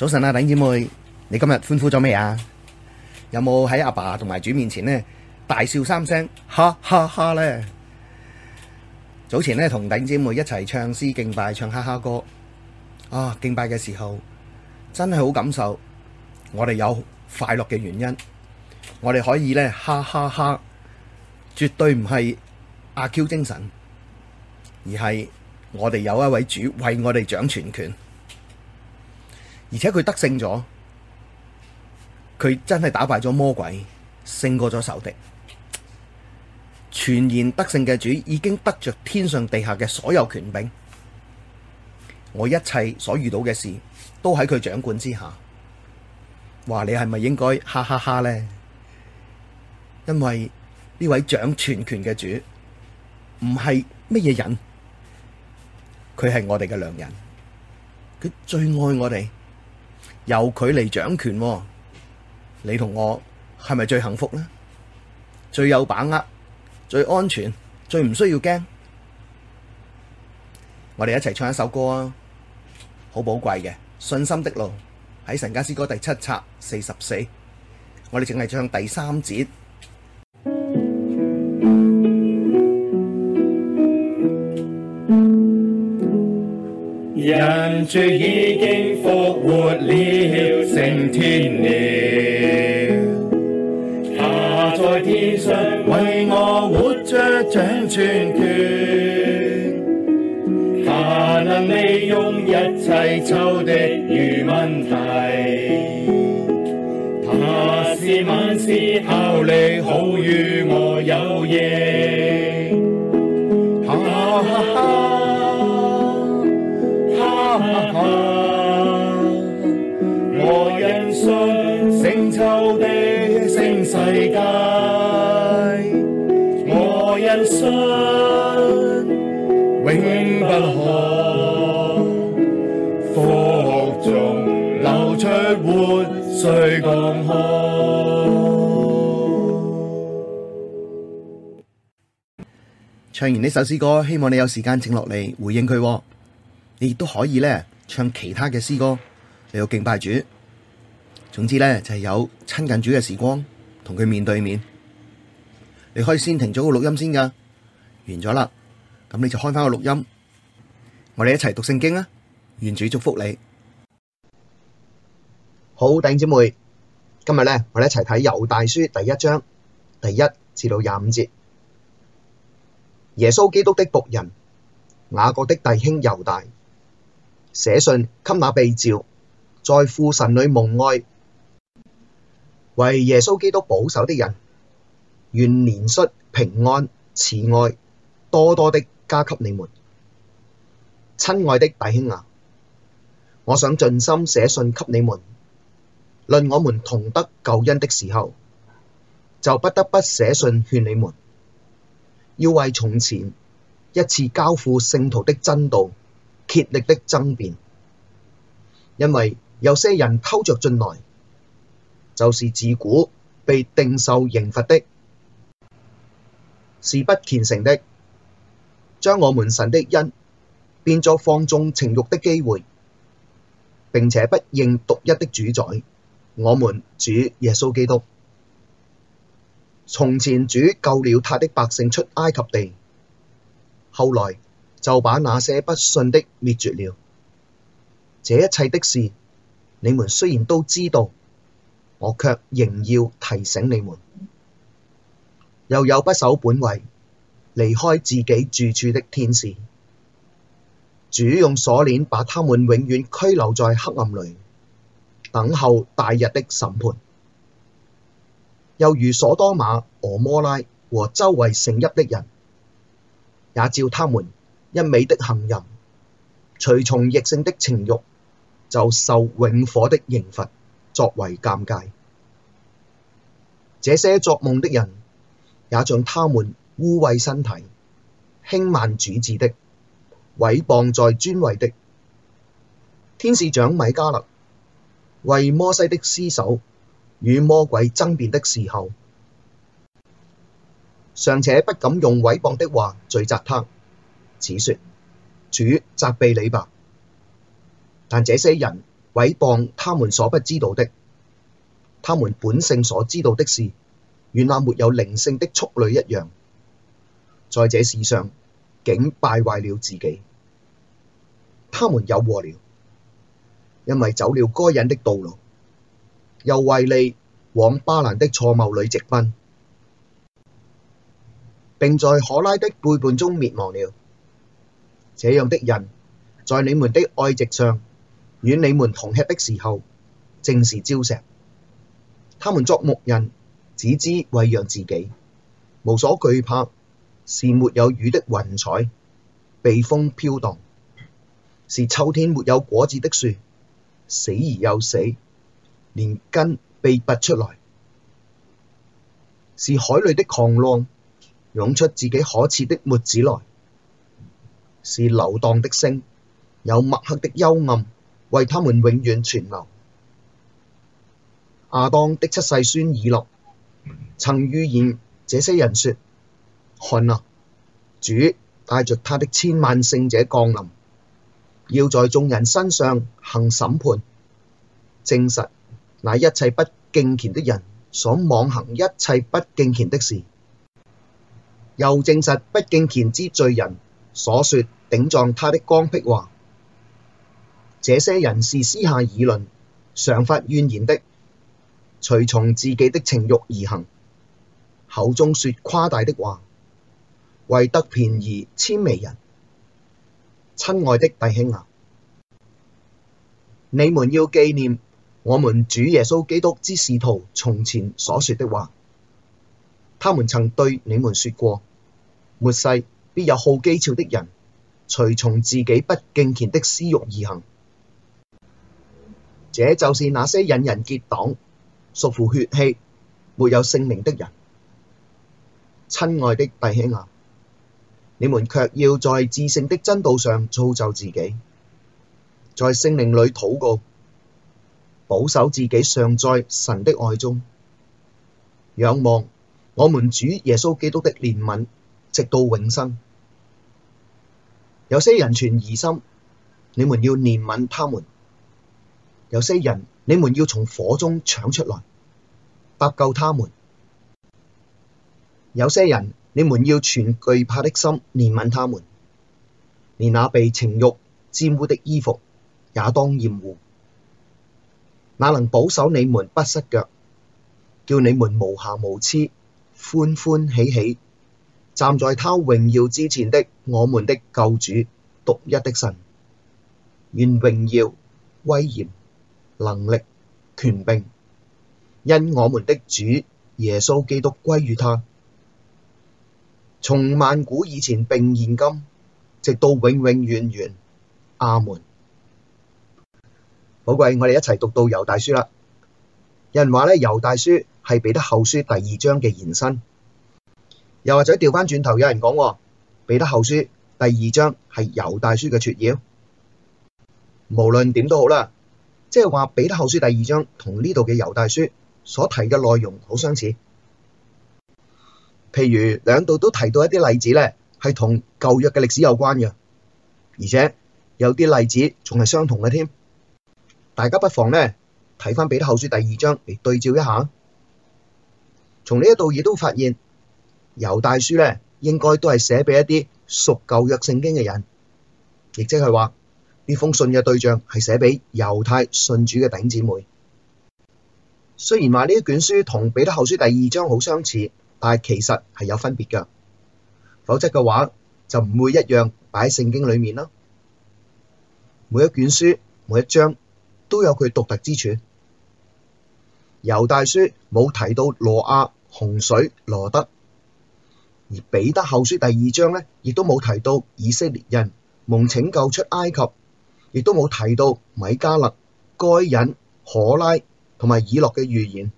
早晨啊，頂姐妹，你今日歡呼咗未啊？有冇喺阿爸同埋主面前呢？大笑三聲哈哈哈哈呢！早前呢，同頂姐妹一齊唱詩敬拜，唱哈哈歌啊！敬拜嘅時候真係好感受，我哋有快樂嘅原因，我哋可以呢「哈哈哈哈」，絕對唔係阿 Q 精神，而係我哋有一位主為我哋掌全權。.而且佢得勝咗，佢真係打敗咗魔鬼，勝過咗仇敵。傳言得勝嘅主已經得着天上地下嘅所有權柄，我一切所遇到嘅事都喺佢掌管之下。話，你係咪應該哈哈哈呢？因為呢位掌全權嘅主唔係乜嘢人，佢係我哋嘅良人，佢最愛我哋。由佢嚟掌權，你同我係咪最幸福呢？最有把握、最安全、最唔需要驚，我哋一齊唱一首歌啊！好寶貴嘅信心的路喺《神家詩歌》第七冊四十四，我哋淨係唱第三節。恩主已經復活了，升天了，他、啊、在天上為我活著，掌全權，他、啊、能利用一切仇敵與問題，他、啊、使萬事效力，好與我有益。哈哈哈世界，我因信永不渴，腹中流出活水江河。唱完呢首詩歌，希望你有時間靜落嚟回應佢。你亦都可以咧唱其他嘅詩歌，你有敬拜主。總之咧，就係有親近主嘅時光。同佢面對面，你可以先停咗個錄音先噶，完咗啦，咁你就開翻個錄音，我哋一齊讀聖經啊！願主祝福你。好，弟姊妹，今日咧，我哋一齊睇《猶大書》第一章第一至到廿五節。耶穌基督的僕人雅各的弟兄猶大，寫信給那被召，在父神裡蒙愛。為耶穌基督保守的人，願憐恤、平安、慈愛多多的加給你們。親愛的弟兄啊，我想盡心寫信給你們，論我們同得救恩的時候，就不得不寫信勸你們，要為從前一次交付聖徒的真道竭力的爭辯，因為有些人偷着進來。就是自古被定受刑罰的，是不虔誠的，將我們神的恩變作放縱情欲的機會，並且不認獨一的主宰，我們主耶穌基督。從前主救了他的百姓出埃及地，後來就把那些不信的滅絕了。這一切的事，你們雖然都知道。我卻仍要提醒你們，又有不守本位、離開自己住處的天使，主用鎖鏈把他們永遠拘留在黑暗裡，等候大日的審判。又如所多瑪、蛾摩拉和周圍城邑的人，也照他們一味的行淫，隨從逆性的情慾，就受永火的刑罰。作為鑑戒，這些作夢的人也像他們污穢身體、輕慢主治的、毀謗在尊位的。天使長米迦勒，為摩西的屍首與魔鬼爭辯的時候，尚且不敢用毀謗的話罪責他，只說主責備你吧。但這些人，毀謗他們所不知道的，他們本性所知道的事，與那沒有靈性的畜類一樣，在這事上竟敗壞了自己。他們有禍了，因為走了該隱的道路，又為利往巴蘭的錯謬裡直奔，並在可拉的背叛中滅亡了。這樣的人，在你們的愛席上。與你們同吃的時候，正是礁石。他們作牧人，只知餵養自己，無所懼怕。是沒有雨的雲彩，被風飄蕩；是秋天沒有果子的樹，死而又死，連根被拔出來；是海裡的狂浪，湧出自己可恥的沫子來；是流蕩的星，有墨黑的幽暗。為他們永遠存留。亞當的七世孫以諾曾預言：這些人說，看哪，主帶着他的千萬聖者降臨，要在眾人身上行審判，證實那一切不敬虔的人所妄行一切不敬虔的事，又證實不敬虔之罪人所說頂撞他的剛愎話。這些人是私下議論、常發怨言的，隨從自己的情慾而行，口中説誇大的話，為得便宜諂媚人。親愛的弟兄啊，你們要記念我們主耶穌基督之使徒從前所說的話，他們曾對你們說過：末世必有好譏誚的人，隨從自己不敬虔的私慾而行。這就是那些引人結黨、屬乎血氣、沒有聖靈的人，親愛的弟兄啊，你們却要在至聖的真道上造就自己，在聖靈裡禱告，保守自己尚在神的愛中，仰望我們主耶穌基督的憐憫，直到永生。有些人存疑心，你們要憐憫他們。有些人，你們要從火中搶出來，搭救他們；有些人，你們要存懼怕的心憐憫他們，連那被情慾沾污的衣服也當厭惡。那能保守你們不失腳，叫你們無瑕無疵，歡歡喜喜站在他榮耀之前的我們的救主，獨一的神，願榮耀、威嚴、能力權柄，因我們的主耶穌基督歸於他，從萬古以前並現今，直到永永遠遠，阿門。寶貴，我哋一齊讀到猶大書啦。有人話咧，猶大書係彼得後書第二章嘅延伸，又或者調返轉頭，有人講彼得後書第二章係猶大書嘅撮要。無論點都好啦。即係話，彼得後書第二章同呢度嘅猶大書所提嘅內容好相似。譬如兩度都提到一啲例子咧，係同舊約嘅歷史有關嘅，而且有啲例子仲係相同嘅添。大家不妨咧睇翻彼得後書第二章嚟對照一下。從呢一度亦都發現，猶大書咧應該都係寫俾一啲熟舊約聖經嘅人，亦即係話。呢封信嘅對象係寫俾猶太信主嘅頂姊妹。雖然話呢一卷書同彼得後書第二章好相似，但係其實係有分別嘅，否則嘅話就唔會一樣擺喺聖經裏面啦。每一卷書，每一章都有佢獨特之處。猶大書冇提到羅亞洪水、羅得，而彼得後書第二章呢，亦都冇提到以色列人蒙拯救出埃及。亦都冇提到米迦勒、該隱、可拉同埋以諾嘅預言。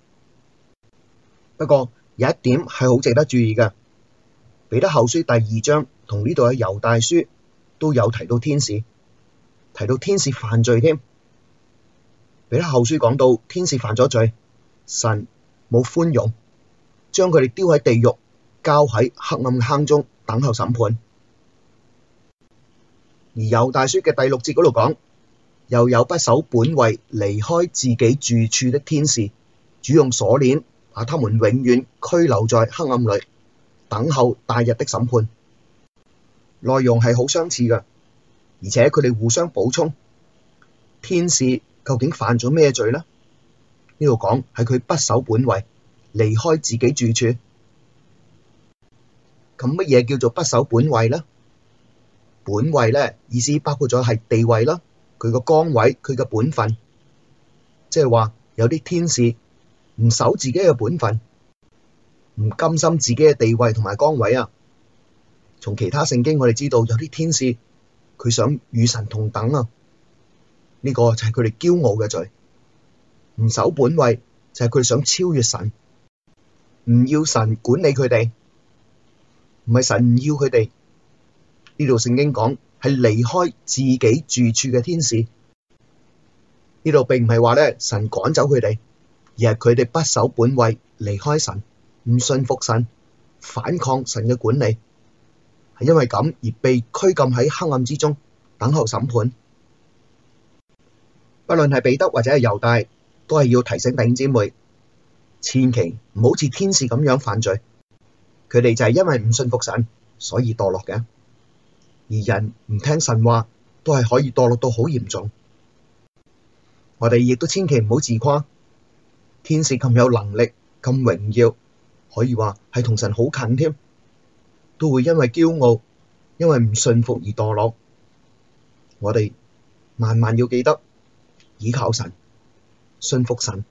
不過有一點係好值得注意嘅，彼得後書第二章同呢度嘅猶大書都有提到天使，提到天使犯罪添。彼得後書講到天使犯咗罪，神冇寬容，將佢哋丟喺地獄，交喺黑暗坑中等候審判。而猶大書嘅第六節嗰度講，又有不守本位離開自己住處的天使，主用鎖鏈把他們永遠拘留在黑暗裏，等候大日的審判。內容係好相似嘅，而且佢哋互相補充。天使究竟犯咗咩罪呢？呢度講係佢不守本位，離開自己住處。咁乜嘢叫做不守本位呢？本位呢，意思包括咗係地位啦，佢個崗位、佢嘅本分，即係話有啲天使唔守自己嘅本分，唔甘心自己嘅地位同埋崗位啊。從其他聖經我哋知道有啲天使佢想與神同等啊，呢、這個就係佢哋驕傲嘅罪，唔守本位就係佢哋想超越神，唔要神管理佢哋，唔係神唔要佢哋。呢度聖經講係離開自己住處嘅天使，呢度並唔係話咧神趕走佢哋，而係佢哋不守本位，離開神，唔信服神，反抗神嘅管理，係因為咁而被拘禁喺黑暗之中，等候審判。不論係彼得或者係猶大，都係要提醒弟兄姊妹，千祈唔好似天使咁樣犯罪。佢哋就係因為唔信服神，所以墮落嘅。而人唔聽神話，都係可以墮落到好嚴重。我哋亦都千祈唔好自誇，天使咁有能力、咁榮耀，可以話係同神好近添，都會因為驕傲、因為唔信服而墮落。我哋萬萬要記得倚靠神、信服神。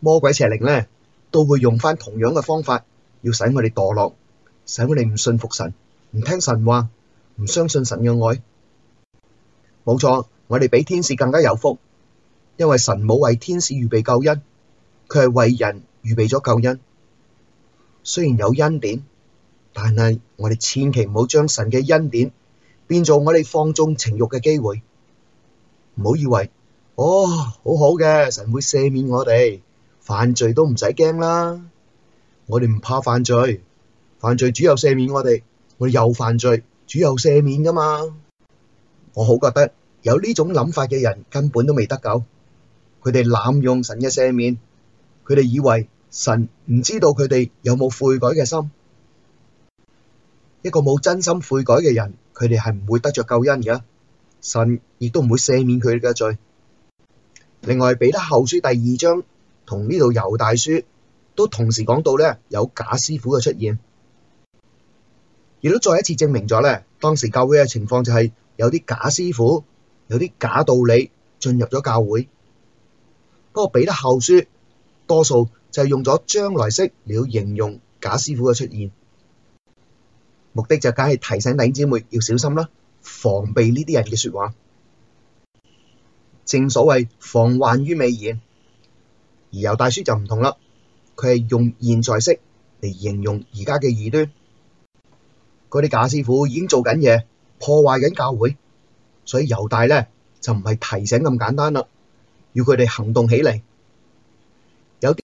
魔鬼邪靈咧，都會用翻同樣嘅方法，要使我哋墮落，使我哋唔信服神。唔聽神話，唔相信神嘅愛，冇錯。我哋比天使更加有福，因為神冇為天使預備救恩，佢係為人預備咗救恩。雖然有恩典，但係我哋千祈唔好將神嘅恩典變做我哋放縱情慾嘅機會。唔好以為哦，好好嘅，神會赦免我哋，犯罪都唔使驚啦。我哋唔怕犯罪，犯罪主要赦免我哋。我又犯罪，主又赦免㗎嘛？我好覺得有呢種諗法嘅人根本都未得救。佢哋濫用神嘅赦免，佢哋以為神唔知道佢哋有冇悔改嘅心。一個冇真心悔改嘅人，佢哋係唔會得着救恩嘅。神亦都唔會赦免佢哋嘅罪。另外，彼得後書第二章同呢度猶大書都同時講到咧，有假師傅嘅出現。亦都再一次證明咗咧，當時教會嘅情況就係有啲假師傅、有啲假道理進入咗教會。不過，彼得後書多數就係用咗將來式嚟形容假師傅嘅出現，目的就梗係提醒弟兄姊妹要小心啦，防備呢啲人嘅説話。正所謂防患於未然。而猶大書就唔同啦，佢係用現在式嚟形容而家嘅異端。嗰啲假師傅已經做緊嘢，破壞緊教會，所以猶大咧就唔係提醒咁簡單啦，要佢哋行動起嚟。有啲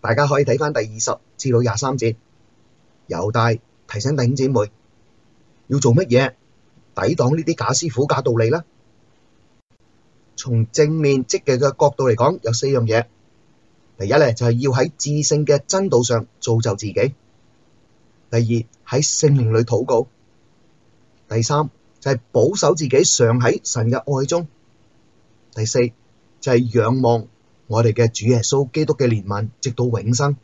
大家可以睇返第二十至到廿三節，猶大提醒弟兄姐妹要做乜嘢，抵擋呢啲假師傅、假道理啦。從正面積極嘅角度嚟講，有四樣嘢。第一咧就係、是、要喺至聖嘅真道上造就自己。第二喺聖靈裡禱告，第三就係保守自己常喺神嘅愛中，第四就係仰望我哋嘅主耶穌基督嘅憐憫，直到永生。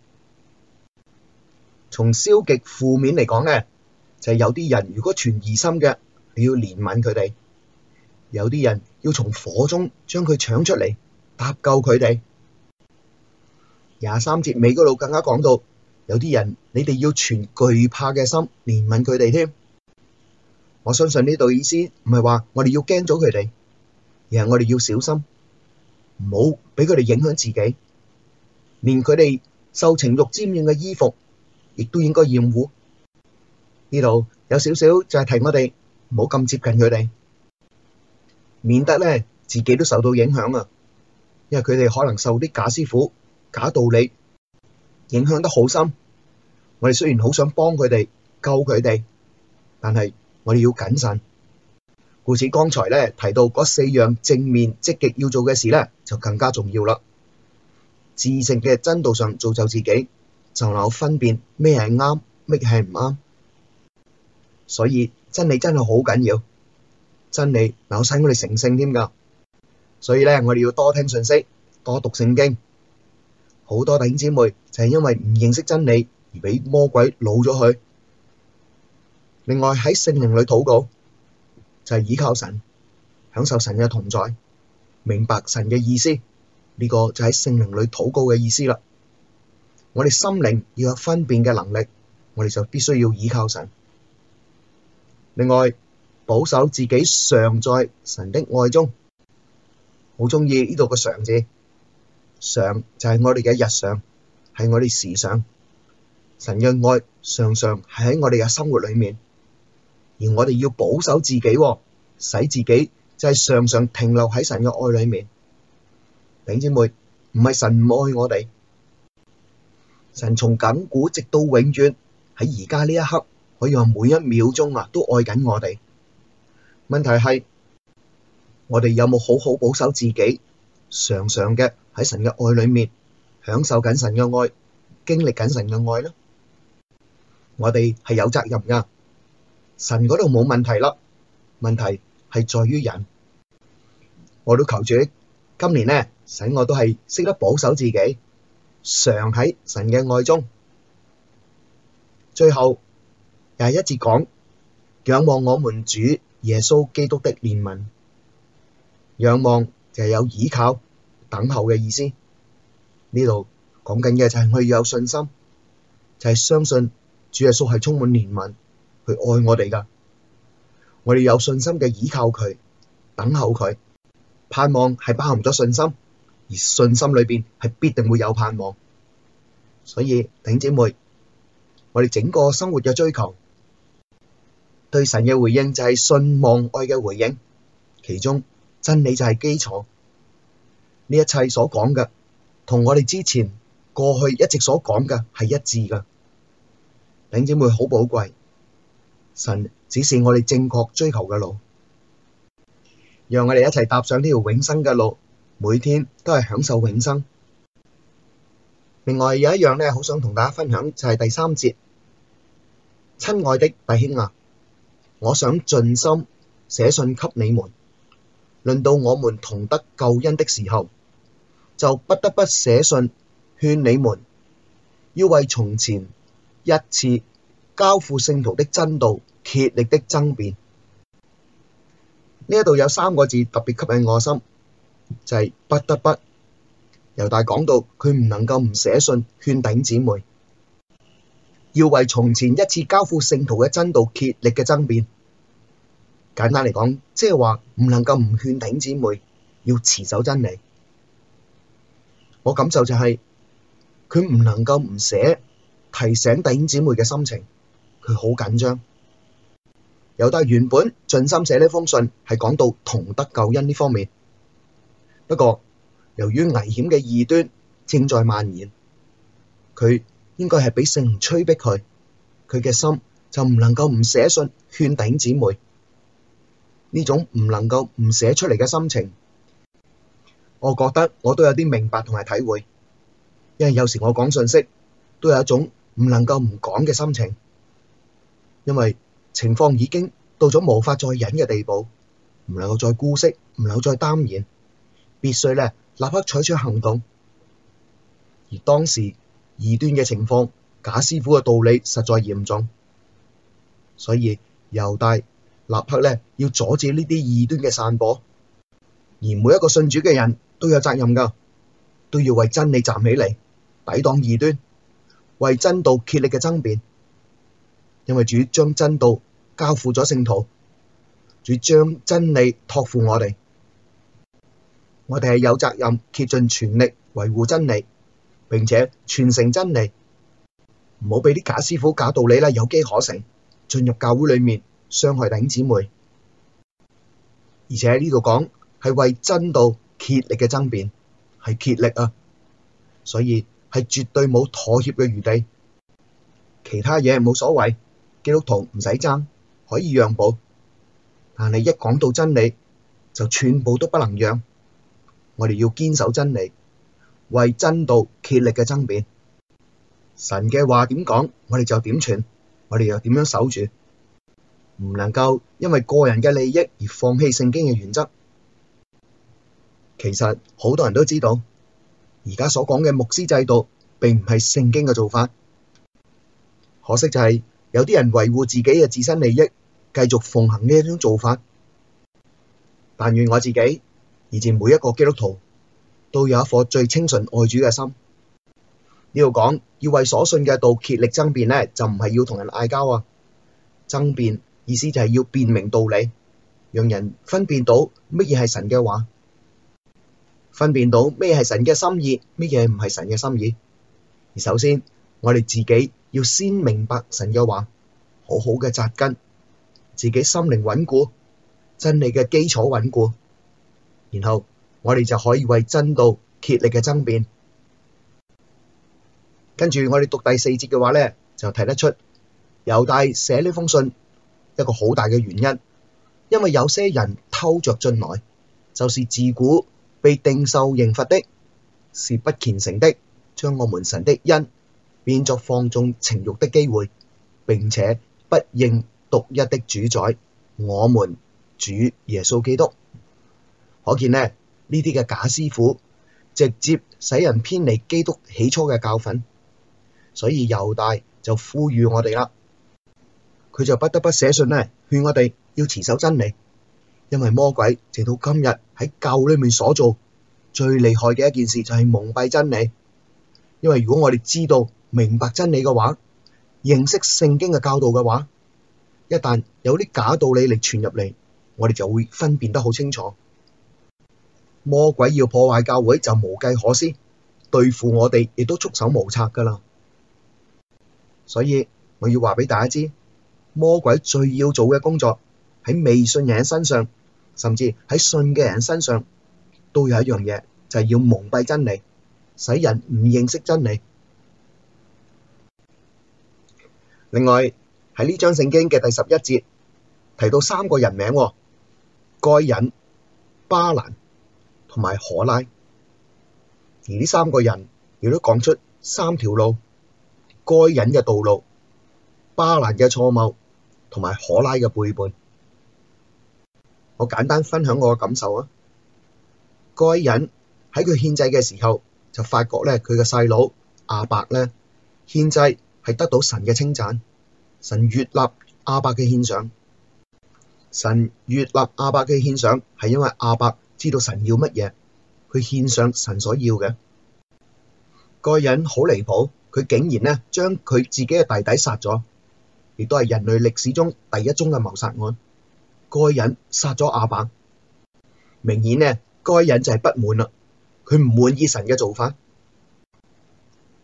從消極負面嚟講嘅，就係有啲人如果存疑心嘅，你要憐憫佢哋；有啲人要從火中將佢搶出嚟，搭救佢哋。廿三節尾嗰度更加講到。有啲人，你哋要存懼怕嘅心憐憫佢哋添。我相信呢度意思唔係話我哋要驚咗佢哋，而係我哋要小心，唔好俾佢哋影響自己。連佢哋受情慾沾染嘅衣服，亦都應該厭惡。呢度有少少就係提我哋唔好咁接近佢哋，免得咧自己都受到影響啊！因為佢哋可能受啲假師傅、假道理。影響得好深，我哋雖然好想幫佢哋救佢哋，但係我哋要謹慎。故此，剛才咧提到嗰四樣正面積極要做嘅事咧，就更加重要啦。至聖嘅真道上造就自己，就能分辨咩係啱，咩係唔啱。所以真理真係好緊要，真理能使我哋成聖添噶。所以咧，我哋要多聽信息，多讀聖經。好多弟兄姊妹就係因為唔認識真理而俾魔鬼擄咗去。另外喺聖靈裏禱告就係倚靠神，享受神嘅同在，明白神嘅意思。呢個就係聖靈裏禱告嘅意思啦。我哋心靈要有分辨嘅能力，我哋就必須要倚靠神。另外保守自己常在神的愛中，好中意呢度嘅常字。常就係我哋嘅日常，係我哋時常。神嘅愛常常係喺我哋嘅生活裏面，而我哋要保守自己，使自己就係常常停留喺神嘅愛裏面。弟兄姊妹，唔係神唔愛我哋，神從亙古直到永遠喺而家呢一刻，可以話每一秒鐘啊都愛緊我哋。問題係我哋有冇好好保守自己，常常嘅，喺神嘅愛裏面享受緊神嘅愛，經歷緊神嘅愛啦。我哋係有責任噶，神嗰度冇問題啦，問題係在於人。我都求主今年呢，使我都係識得保守自己，常喺神嘅愛中。最後廿一節講，仰望我們主耶穌基督的憐憫，仰望就係有依靠。等候嘅意思，呢度講緊嘅就係我要有信心，就係相信主耶穌係充滿憐憫去愛我哋噶。我哋有信心嘅依靠佢，等候佢，盼望係包含咗信心，而信心裏邊係必定會有盼望。所以弟姐妹，我哋整個生活嘅追求，對神嘅回應就係信望愛嘅回應，其中真理就係基礎。呢一切所講嘅，同我哋之前過去一直所講嘅係一致嘅。領姊妹好寶貴，神指示我哋正確追求嘅路，讓我哋一齊踏上呢條永生嘅路，每天都係享受永生。另外有一樣呢，好想同大家分享就係第三節，親愛的弟兄啊，我想盡心寫信給你們，論到我們同得救恩的時候，就不得不寫信勸你們，要為從前一次交付聖徒的真道竭力的爭辯。呢度有三個字特別吸引我心，就係、是、不得不。猶大講到佢唔能夠唔寫信勸頂姊妹，要為從前一次交付聖徒嘅真道竭力嘅爭辯。簡單嚟講，即係話唔能夠唔勸頂姊妹要持守真理。我感受就係佢唔能夠唔寫提醒弟兄姊妹嘅心情，佢好緊張。有得原本盡心寫呢封信係講到同得救恩呢方面，不過由於危險嘅異端正在蔓延，佢應該係俾聖靈催逼佢，佢嘅心就唔能夠唔寫信勸弟兄姊妹。呢種唔能夠唔寫出嚟嘅心情。我覺得我都有啲明白同埋體會，因為有時我講信息都有一種唔能夠唔講嘅心情，因為情況已經到咗無法再忍嘅地步，唔能夠再姑息，唔能夠再耽延，必須咧立刻採取，取行動。而當時異端嘅情況，假師傅嘅道理實在嚴重，所以猶大立刻咧要阻止呢啲異端嘅散播，而每一個信主嘅人。都有責任噶都要為真理站起嚟，抵擋異端，為真道竭力嘅爭辯。因為主將真道交付咗聖徒，主將真理託付我哋，我哋係有責任竭盡全力維護真理，並且傳承真理，唔好俾啲假師傅、假道理啦，有機可乘進入教會裏面傷害弟兄姊妹。而且喺呢度講係為真道，竭力嘅爭辯係竭力啊，所以係絕對冇妥協嘅餘地。其他嘢冇所謂，基督徒唔使爭，可以讓步。但係一講到真理，就全部都不能讓。我哋要堅守真理，為真道竭力嘅爭辯。神嘅話點講，我哋就點傳，我哋又點樣守住，唔能夠因為個人嘅利益而放棄聖經嘅原則。其實好多人都知道，而家所講嘅牧師制度並唔係聖經嘅做法。可惜就係、是、有啲人維護自己嘅自身利益，繼續奉行呢一種做法。但願我自己以至每一個基督徒都有一顆最清純愛主嘅心。呢度講要為所信嘅道竭力爭辯呢，就唔係要同人嗌交啊。爭辯意思就係要辯明道理，讓人分辨到乜嘢係神嘅話。分辨到咩係神嘅心意，咩嘢唔係神嘅心意。而首先，我哋自己要先明白神嘅話，好好嘅扎根，自己心靈穩固，真理嘅基礎穩固，然後我哋就可以為真道竭力嘅爭辯。跟住我哋讀第四節嘅話咧，就睇得出，猶大寫呢封信一個好大嘅原因，因為有些人偷着進來，就是自古。被定受刑罰的，是不虔誠的，將我們神的恩變作放縱情慾的機會，並且不認獨一的主宰，我們主耶穌基督。可見呢呢啲嘅假師傅，直接使人偏離基督起初嘅教訓，所以猶大就呼籲我哋啦，佢就不得不寫信咧，勸我哋要持守真理。因為魔鬼直到今日喺教裏面所做最厲害嘅一件事就係蒙蔽真理。因為如果我哋知道明白真理嘅話，認識聖經嘅教導嘅話，一旦有啲假道理嚟傳入嚟，我哋就會分辨得好清楚。魔鬼要破壞教會就無計可施，對付我哋亦都束手無策噶啦。所以我要話俾大家知，魔鬼最要做嘅工作喺未信人身上。甚至喺信嘅人身上都有一樣嘢，就係、是、要蒙蔽真理，使人唔認識真理。另外喺呢章聖經嘅第十一節提到三個人名：該隱、巴蘭同埋可拉。而呢三個人亦都講出三條路：該隱嘅道路、巴蘭嘅錯謬同埋可拉嘅背叛。我簡單分享我嘅感受啊！該隱喺佢獻祭嘅時候就發覺咧，佢嘅細佬亞伯咧獻祭係得到神嘅稱讚，神越立亞伯嘅獻上，神越立亞伯嘅獻上係因為亞伯知道神要乜嘢，佢獻上神所要嘅。該隱好離譜，佢竟然咧將佢自己嘅弟弟殺咗，亦都係人類歷史中第一宗嘅謀殺案。該隱殺咗亞伯，明顯呢，該隱就係不滿啦。佢唔滿意神嘅做法。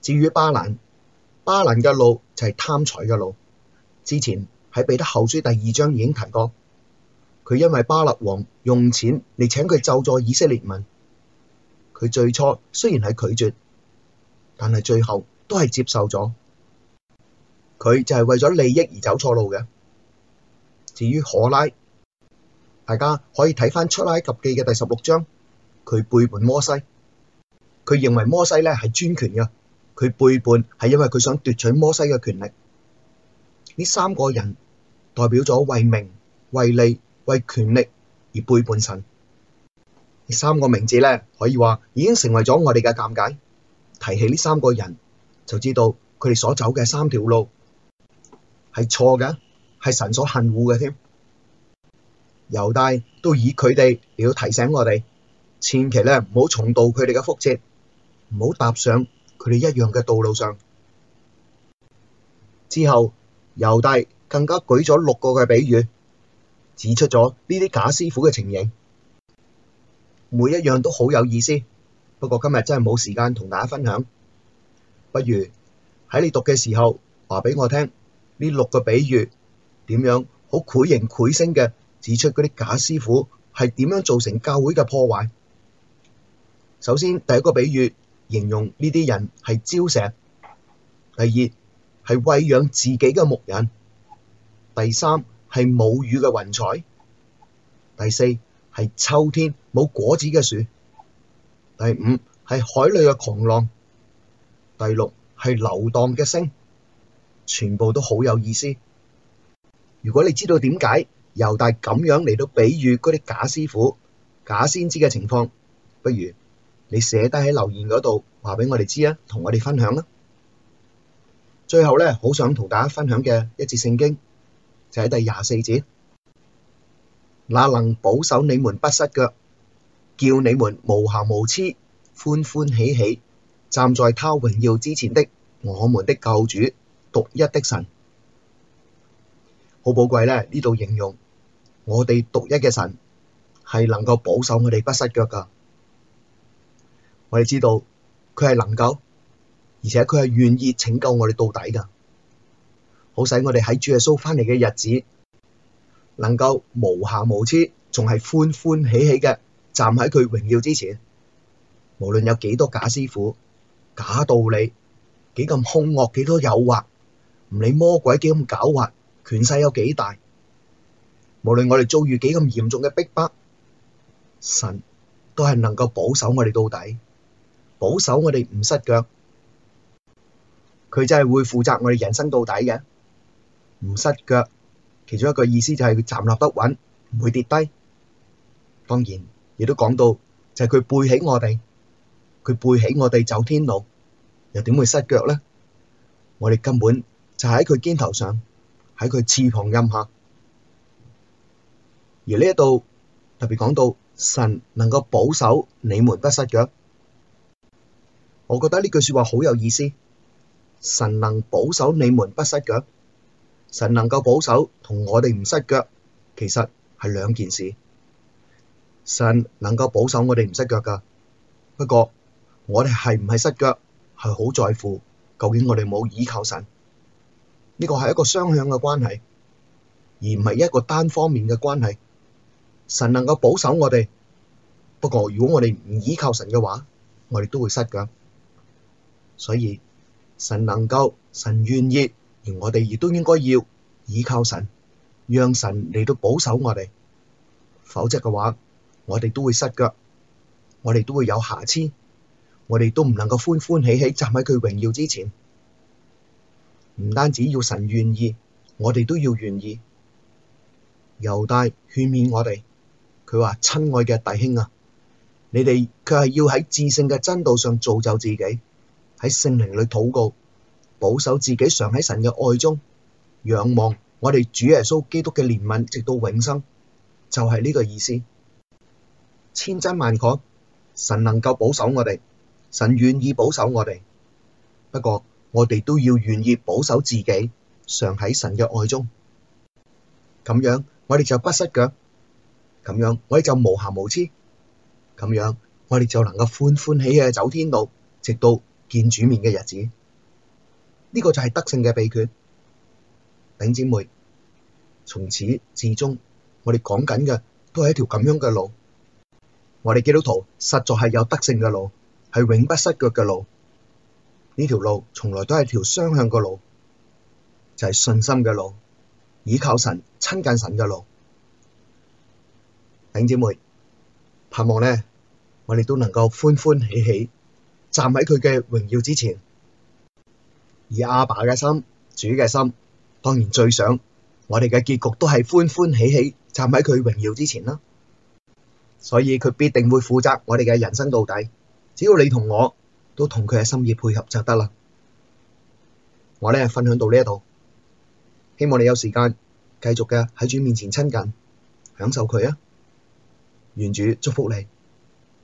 至於巴蘭，巴蘭嘅路就係貪財嘅路。之前喺彼得後書第二章已經提過，佢因為巴勒王用錢嚟請佢就助以色列民，佢最初雖然係拒絕，但係最後都係接受咗。佢就係為咗利益而走錯路嘅。至於可拉，大家可以睇翻《出埃及記》嘅第十六章，佢背叛摩西，佢認為摩西咧係專權嘅，佢背叛係因為佢想奪取摩西嘅權力。呢三個人代表咗為名、為利、為權力而背叛神。呢三個名字咧可以話已經成為咗我哋嘅鑑戒，提起呢三個人就知道佢哋所走嘅三條路係錯嘅，係神所恨惡嘅添。猶大都以佢哋嚟到提醒我哋，千祈咧唔好重蹈佢哋嘅覆轍，唔好踏上佢哋一樣嘅道路上。之後猶大更加舉咗六個嘅比喻，指出咗呢啲假師傅嘅情形，每一樣都好有意思。不過今日真係冇時間同大家分享，不如喺你讀嘅時候話俾我聽呢六個比喻點樣好繪形繪聲嘅指出嗰啲假師傅係點樣造成教會嘅破壞？首先，第一個比喻形容呢啲人係礁石；第二係餵養自己嘅牧人；第三係冇雨嘅雲彩；第四係秋天冇果子嘅樹；第五係海裡嘅狂浪；第六係流蕩嘅星，全部都好有意思。如果你知道點解？由大咁樣嚟到比喻嗰啲假師傅、假先知嘅情況，不如你寫低喺留言嗰度話畀我哋知啊，同我哋分享啦。最後咧，好想同大家分享嘅一節聖經就喺、是、第廿四節，那能保守你們不失腳，叫你們無瑕無疵、歡歡喜喜站在他榮耀之前的我們的救主，獨一的神。好寶貴咧！呢度形容我哋獨一嘅神係能夠保守我哋不失腳噶。我哋知道佢係能夠，而且佢係願意拯救我哋到底噶。好使我哋喺主耶穌翻嚟嘅日子，能夠無瑕無疵，仲係歡歡喜喜嘅站喺佢榮耀之前。無論有幾多假師傅、假道理，幾咁凶惡，幾多誘惑，唔理魔鬼幾咁狡猾。權勢有幾大？無論我哋遭遇幾咁嚴重嘅逼迫，神都係能夠保守我哋到底，保守我哋唔失腳。佢真係會負責我哋人生到底嘅，唔失腳。其中一個意思就係佢站立得穩，唔會跌低。當然，亦都講到就係佢背起我哋，佢背起我哋走天路，又點會失腳咧？我哋根本就喺佢肩頭上。喺佢翅膀蔭下，而呢一度特別講到神能夠保守你們不失腳，我覺得呢句說話好有意思。神能保守你們不失腳，神能夠保守同我哋唔失腳，其實係兩件事。神能夠保守我哋唔失腳㗎，不過我哋係唔係失腳，係好在乎究竟我哋冇倚靠神。呢個係一個雙向嘅關係，而唔係一個單方面嘅關係。神能夠保守我哋，不過如果我哋唔倚靠神嘅話，我哋都會失噶。所以神能夠、神願意，而我哋亦都應該要倚靠神，讓神嚟到保守我哋。否則嘅話，我哋都會失腳，我哋都會有瑕疵，我哋都唔能夠歡歡喜喜站喺佢榮耀之前。唔單止要神願意，我哋都要願意。猶大勸勉我哋，佢話：親愛嘅弟兄啊，你哋卻係要喺至聖嘅真道上造就自己，喺聖靈裏禱告，保守自己常喺神嘅愛中，仰望我哋主耶穌基督嘅憐憫，直到永生。就係、是、呢個意思，千真萬確，神能夠保守我哋，神願意保守我哋。不過，我哋都要願意保守自己，常喺神嘅愛中。咁樣我哋就不失腳，咁樣我哋就無瑕無疵，咁樣我哋就能夠歡歡喜喜走天路，直到見主面嘅日子。呢、這個就係得勝嘅秘訣，頂姊妹。從始至終，我哋講緊嘅都係一條咁樣嘅路。我哋基督徒實在係有得勝嘅路，係永不失腳嘅路。呢條路從來都係條雙向嘅路，就係信心嘅路，倚靠神親近神嘅路。頂姐妹，盼望咧，我哋都能夠歡歡喜喜站喺佢嘅榮耀之前，以阿爸嘅心、主嘅心，當然最想我哋嘅結局都係歡歡喜喜站喺佢榮耀之前啦。所以佢必定會負責我哋嘅人生到底。只要你同我。都同佢嘅心意配合就得啦。我咧分享到呢一度，希望你有時間繼續嘅喺主面前親近，享受佢啊！願主祝福你。